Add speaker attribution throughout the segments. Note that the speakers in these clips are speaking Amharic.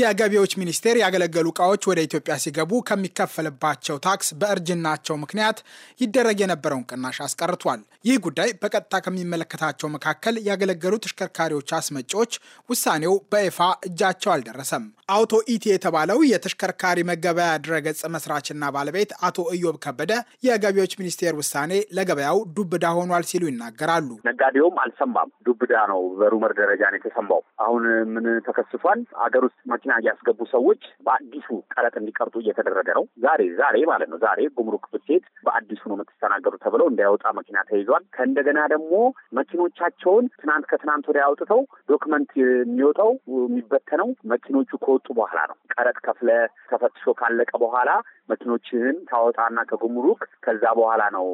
Speaker 1: የገቢዎች ሚኒስቴር ያገለገሉ እቃዎች ወደ ኢትዮጵያ ሲገቡ ከሚከፈልባቸው ታክስ በእርጅናቸው ምክንያት ይደረግ የነበረውን ቅናሽ አስቀርቷል። ይህ ጉዳይ በቀጥታ ከሚመለከታቸው መካከል ያገለገሉ ተሽከርካሪዎች አስመጪዎች ውሳኔው በይፋ እጃቸው አልደረሰም። አውቶ ኢቲ የተባለው የተሽከርካሪ መገበያ ድረገጽ መስራችና ባለቤት አቶ እዮብ ከበደ የገቢዎች ሚኒስቴር ውሳኔ ለገበያው ዱብዳ ሆኗል ሲሉ ይናገራሉ። ነጋዴውም
Speaker 2: አልሰማም። ዱብዳ ነው። በሩመር ደረጃ ነው የተሰማው። አሁን ምን ተከስቷል? አገር ውስጥ መኪና እያስገቡ ሰዎች በአዲሱ ቀረጥ እንዲቀርጡ እየተደረገ ነው። ዛሬ ዛሬ ማለት ነው ዛሬ ጉምሩክ ብትሄድ በአዲሱ ነው የምትስተናገዱ ተብለው እንዳይወጣ መኪና ተይዟል። ከእንደገና ደግሞ መኪኖቻቸውን ትናንት ከትናንት ወዲያ አውጥተው ዶክመንት የሚወጣው የሚበተነው መኪኖቹ ከወጡ በኋላ ነው። ቀረጥ ከፍለ ተፈትሾ ካለቀ በኋላ መኪኖችህን ታወጣና ከጉምሩክ ከዛ በኋላ ነው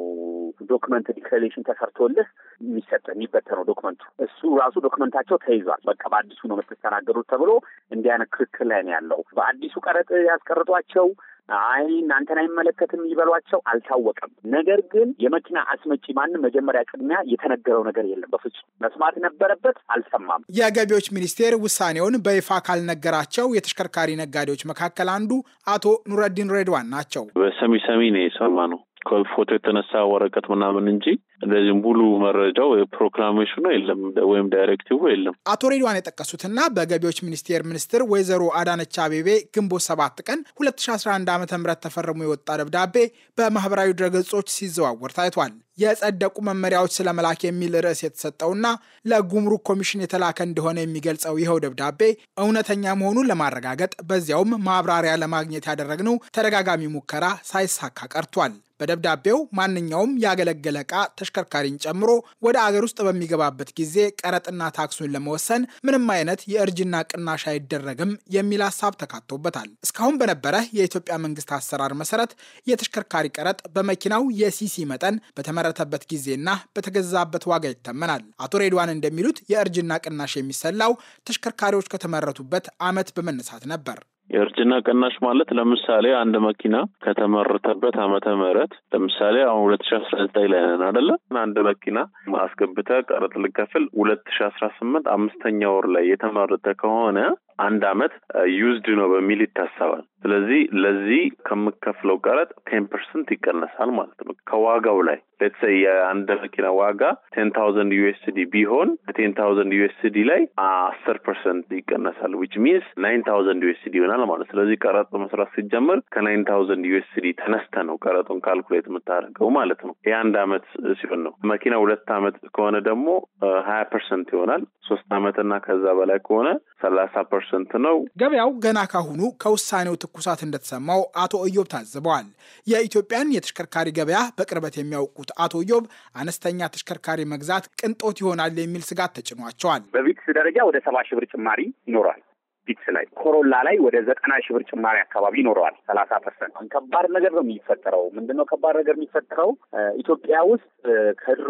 Speaker 2: ዶክመንት ዲክሌሬሽን ተሰርቶልህ የሚሰጥ የሚበተነው ዶክመንቱ እሱ ራሱ ዶክመንታቸው ተይዟል። በቃ በአዲሱ ነው የምትስተናገዱት ተብሎ እንዲህ ክርክር ላይ ነው ያለው። በአዲሱ ቀረጥ ያስቀርጧቸው አይ እናንተን አይመለከትም ይበሏቸው አልታወቀም። ነገር ግን የመኪና አስመጪ ማንም መጀመሪያ ቅድሚያ የተነገረው ነገር የለም። በፍጹም
Speaker 1: መስማት ነበረበት፣ አልሰማም። የገቢዎች ሚኒስቴር ውሳኔውን በይፋ ካልነገራቸው የተሽከርካሪ ነጋዴዎች መካከል አንዱ አቶ ኑረዲን ሬድዋን ናቸው።
Speaker 3: በሰሚ ሰሚ ነው የሰማ ነው ከፎቶ የተነሳ ወረቀት ምናምን እንጂ እንደዚህ ሙሉ መረጃው ፕሮክላሜሽኑ የለም ወይም ዳይሬክቲቭ የለም።
Speaker 1: አቶ ሬድዋን የጠቀሱትና በገቢዎች ሚኒስቴር ሚኒስትር ወይዘሮ አዳነች አቤቤ ግንቦት ሰባት ቀን 2011 ዓ ም ተፈርሞ የወጣ ደብዳቤ በማህበራዊ ድረገጾች ሲዘዋወር ታይቷል። የጸደቁ መመሪያዎች ስለ መላክ የሚል ርዕስ የተሰጠውና ለጉምሩክ ኮሚሽን የተላከ እንደሆነ የሚገልጸው ይኸው ደብዳቤ እውነተኛ መሆኑን ለማረጋገጥ በዚያውም ማብራሪያ ለማግኘት ያደረግነው ተደጋጋሚ ሙከራ ሳይሳካ ቀርቷል። በደብዳቤው ማንኛውም ያገለገለ ዕቃ ተሽከርካሪን ጨምሮ ወደ አገር ውስጥ በሚገባበት ጊዜ ቀረጥና ታክሱን ለመወሰን ምንም አይነት የእርጅና ቅናሽ አይደረግም የሚል ሀሳብ ተካቶበታል። እስካሁን በነበረ የኢትዮጵያ መንግስት አሰራር መሰረት የተሽከርካሪ ቀረጥ በመኪናው የሲሲ መጠን በተመ በተመረተበት ጊዜና በተገዛበት ዋጋ ይተመናል። አቶ ሬድዋን እንደሚሉት የእርጅና ቅናሽ የሚሰላው ተሽከርካሪዎች ከተመረቱበት ዓመት በመነሳት ነበር።
Speaker 3: የእርጅና ቅናሽ ማለት ለምሳሌ አንድ መኪና ከተመረተበት ዓመተ ምህረት ለምሳሌ አሁን ሁለት ሺ አስራ ዘጠኝ ላይ ነን አደለ? አንድ መኪና አስገብተ ቀረጥ ልከፍል ሁለት ሺ አስራ ስምንት አምስተኛ ወር ላይ የተመረተ ከሆነ አንድ አመት ዩዝድ uh, ነው በሚል ይታሰባል። ስለዚህ ለዚህ ከምከፍለው ቀረጥ ቴን ፐርሰንት ይቀነሳል ማለት ነው ከዋጋው ላይ ሌትስ የአንድ መኪና ዋጋ ቴን ታውዘንድ ዩኤስዲ ቢሆን ቴን ታውዘንድ ዩኤስዲ ላይ አስር ፐርሰንት ይቀነሳል ዊች ሚንስ ናይን ታውዘንድ ዩኤስዲ ይሆናል ማለት ስለዚህ ቀረጥ መስራት ሲጀምር ከናይን ታውዘንድ ዩኤስዲ ተነስተ ነው ቀረጡን ካልኩሌት የምታደርገው ማለት ነው። የአንድ አመት ሲሆን ነው። መኪና ሁለት አመት ከሆነ ደግሞ ሀያ uh, ፐርሰንት ይሆናል። ሶስት አመትና ከዛ በላይ ከሆነ ሰላሳ ፐርሰንት ፐርሰንት ነው።
Speaker 1: ገበያው ገና ካሁኑ ከውሳኔው ትኩሳት እንደተሰማው አቶ እዮብ ታዝበዋል። የኢትዮጵያን የተሽከርካሪ ገበያ በቅርበት የሚያውቁት አቶ እዮብ አነስተኛ ተሽከርካሪ መግዛት ቅንጦት ይሆናል የሚል ስጋት ተጭኗቸዋል።
Speaker 2: በቤት ደረጃ ወደ ሰባ ሺህ ብር ጭማሪ ይኖራል። ቢትስ ላይ ኮሮላ ላይ ወደ ዘጠና ሺህ ብር ጭማሪ አካባቢ ይኖረዋል። ሰላሳ ፐርሰንት ከባድ ነገር ነው የሚፈጠረው። ምንድነው ከባድ ነገር የሚፈጠረው? ኢትዮጵያ ውስጥ ከድሮ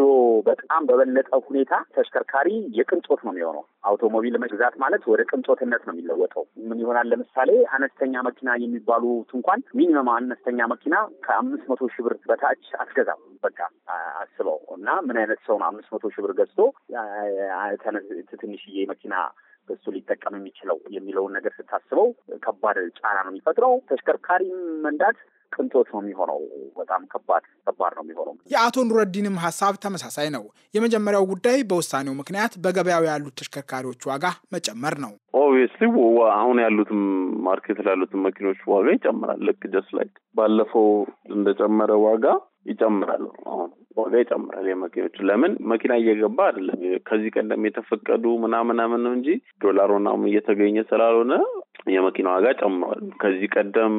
Speaker 2: በጣም በበለጠ ሁኔታ ተሽከርካሪ የቅንጦት ነው የሚሆነው። አውቶሞቢል መግዛት ማለት ወደ ቅንጦትነት ነው የሚለወጠው። ምን ይሆናል? ለምሳሌ አነስተኛ መኪና የሚባሉት እንኳን ሚኒመም አነስተኛ መኪና ከአምስት መቶ ሺህ ብር በታች አትገዛም። በቃ አስበው እና ምን አይነት ሰው ነው አምስት መቶ ሺህ ብር ገዝቶ ትንሽዬ መኪና እሱ ሊጠቀም የሚችለው የሚለውን ነገር ስታስበው ከባድ ጫና ነው የሚፈጥረው። ተሽከርካሪ መንዳት ቅንጦት ነው የሚሆነው። በጣም
Speaker 3: ከባድ ከባድ ነው የሚሆነው።
Speaker 1: የአቶ ኑረዲንም ሀሳብ ተመሳሳይ ነው። የመጀመሪያው ጉዳይ በውሳኔው ምክንያት በገበያው ያሉት ተሽከርካሪዎች ዋጋ መጨመር ነው።
Speaker 3: ኦብቪየስሊ አሁን ያሉትም ማርኬት ያሉትም መኪኖች ዋጋ ይጨምራል። ልክ ጀስት ላይክ ባለፈው እንደጨመረ ዋጋ ይጨምራል አሁን ዋጋ ይጨምራል። የመኪኖች ለምን መኪና እየገባ አይደለም። ከዚህ ቀደም የተፈቀዱ ምናምን ምን እንጂ ዶላር ምናምን እየተገኘ ስላልሆነ የመኪና ዋጋ ጨምሯል። ከዚህ ቀደም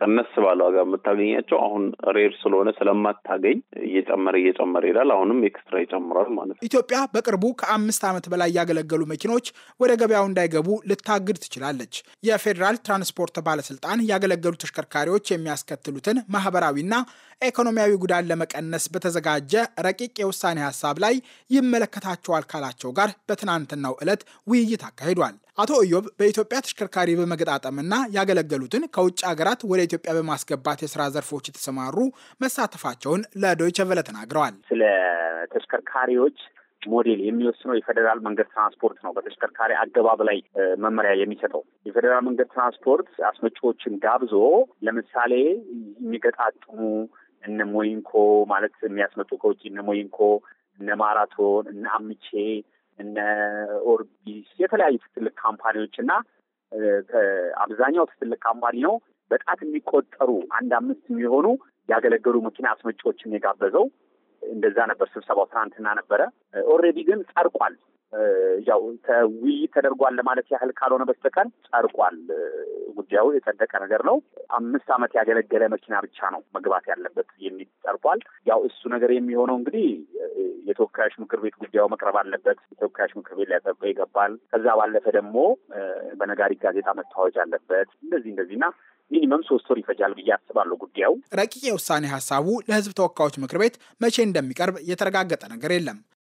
Speaker 3: ቀነስ ባለ ዋጋ የምታገኛቸው አሁን ሬር ስለሆነ ስለማታገኝ እየጨመረ እየጨመረ ይሄዳል። አሁንም ኤክስትራ ይጨምራል ማለት
Speaker 1: ነው። ኢትዮጵያ በቅርቡ ከአምስት ዓመት በላይ ያገለገሉ መኪኖች ወደ ገበያው እንዳይገቡ ልታግድ ትችላለች። የፌዴራል ትራንስፖርት ባለስልጣን ያገለገሉ ተሽከርካሪዎች የሚያስከትሉትን ማህበራዊና ኢኮኖሚያዊ ጉዳት ለመቀነስ በተዘጋጀ ረቂቅ የውሳኔ ሀሳብ ላይ ይመለከታቸዋል ካላቸው ጋር በትናንትናው ዕለት ውይይት አካሂዷል። አቶ እዮብ በኢትዮጵያ ተሽከርካሪ በመገጣጠምና ያገለገሉትን ከውጭ ሀገራት ወደ ኢትዮጵያ በማስገባት የስራ ዘርፎች የተሰማሩ መሳተፋቸውን ለዶይቸ ቨለ ተናግረዋል።
Speaker 2: ስለ ተሽከርካሪዎች ሞዴል የሚወስነው የፌዴራል መንገድ ትራንስፖርት ነው። በተሽከርካሪ አገባብ ላይ መመሪያ የሚሰጠው የፌዴራል መንገድ ትራንስፖርት አስመጪዎችን ጋብዞ ለምሳሌ የሚገጣጥሙ እነ ሞይንኮ ማለት የሚያስመጡ ከውጭ እነ ሞይንኮ፣ እነ ማራቶን፣ እነ አምቼ እነ ኦርቢስ የተለያዩ ትልቅ ካምፓኒዎች እና አብዛኛው ትልቅ ካምፓኒ ነው። በጣት የሚቆጠሩ አንድ አምስት የሚሆኑ ያገለገሉ መኪና አስመጪዎችን የጋበዘው እንደዛ ነበር። ስብሰባው ትናንትና ነበረ። ኦልሬዲ ግን ጸድቋል። ያው ውይይት ተደርጓል ለማለት ያህል ካልሆነ በስተቀር ጸድቋል ጉዳዩ የጸደቀ ነገር ነው። አምስት ዓመት ያገለገለ መኪና ብቻ ነው መግባት ያለበት የሚል ጠርቋል። ያው እሱ ነገር የሚሆነው እንግዲህ የተወካዮች ምክር ቤት ጉዳዩ መቅረብ አለበት። የተወካዮች ምክር ቤት ሊያጸድቀው ይገባል። ከዛ ባለፈ ደግሞ በነጋሪት ጋዜጣ መታወጅ አለበት። እንደዚህ እንደዚህና ሚኒመም ሶስት ወር ይፈጃል ብዬ አስባለሁ። ጉዳዩ
Speaker 1: ረቂቅ የውሳኔ ሀሳቡ ለህዝብ ተወካዮች ምክር ቤት መቼ እንደሚቀርብ የተረጋገጠ ነገር የለም።